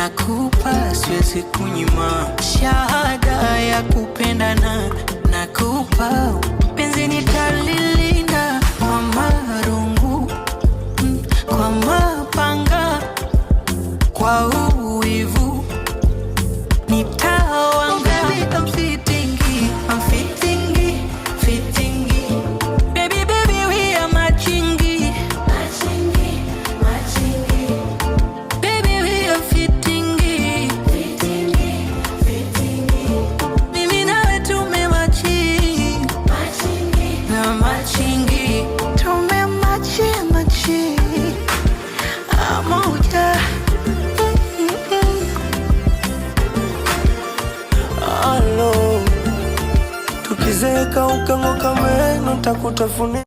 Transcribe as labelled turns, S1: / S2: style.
S1: nakupa, siwezi kunyima shahada ya kupendana, nakupa penzi nitalilinda kwa marungu, kwa mapanga, kwa uivu Ukizeeka ukang'oka meno takutafuni